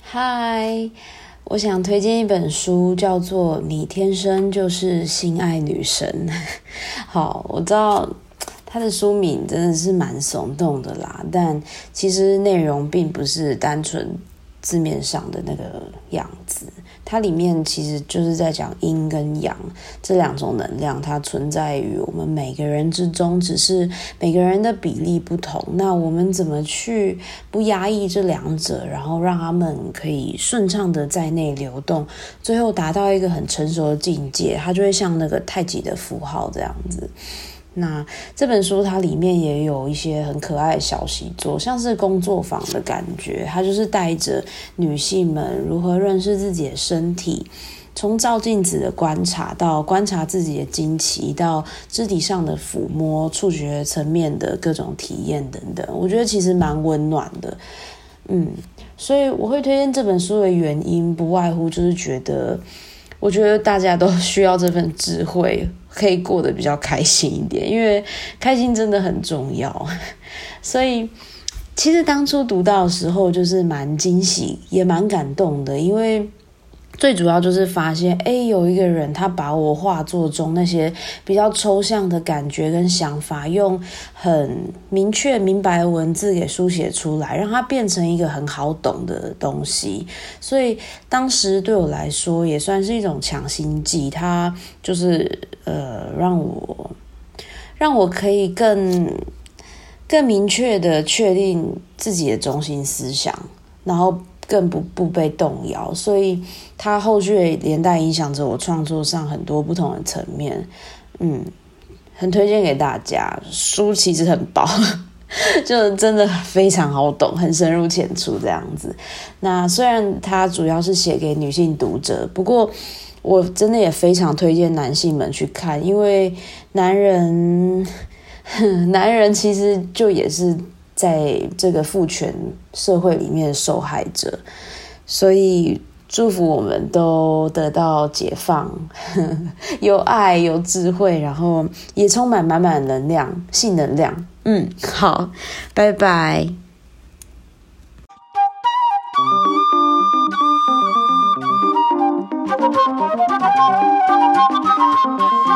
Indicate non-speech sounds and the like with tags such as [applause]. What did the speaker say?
嗨，Hi, 我想推薦一本書，叫做《你天生就是性愛女神》。 [laughs] 好，我知道。他的書名真的是蠻聳動的啦，但其實內容並不是單純字面上的那個樣子。它裡面其實就是在講陰跟陽這兩種能量，它存在於我們每個人之中，只是每個人的比例不同。那我們怎麼去不壓抑這兩者，然後讓他們可以順暢的在內流動，最後達到一個很成熟的境界，它就會像那個太極的符號這樣子。那這本書它裡面也有一些很可愛的小習作，像是工作坊的感覺，它就是帶着女性們如何認識自己的身體，從照鏡子的觀察到觀察自己的驚奇，到肢體上的撫摸、觸覺層面的各種體驗等等。我覺得其實蠻溫暖的，嗯，所以我會推薦這本書的原因，不外乎就是覺得。我覺得大家都需要這份智慧，可以過得比較開心一點，因為開心真的很重要。所以，其實當初讀到的時候，就是蠻驚喜，也蠻感動的，因為。最主要就是發現，哎，有一個人他把我畫作中那些比較抽象的感覺跟想法，用很明確、明白的文字給書寫出來，讓它變成一個很好懂的東西。所以當時對我來說也算是一種強心劑，它就是呃，讓我讓我可以更更明確的確定自己的中心思想，然後。更不不被動搖，所以它後續的連帶影響着我創作上很多不同的層面，嗯，很推薦給大家。書其實很薄， [laughs] 就是真的非常好懂，很深入淺出這樣子。那雖然它主要是寫給女性讀者，不過我真的也非常推薦男性們去看，因為男人，哼，男人其實就也是。在這個父權社會裡面，受害者。所以祝福我們都得到解放，呵呵，有愛，有智慧，然後也充滿滿滿能量，性能量。嗯，好，拜拜。 [music]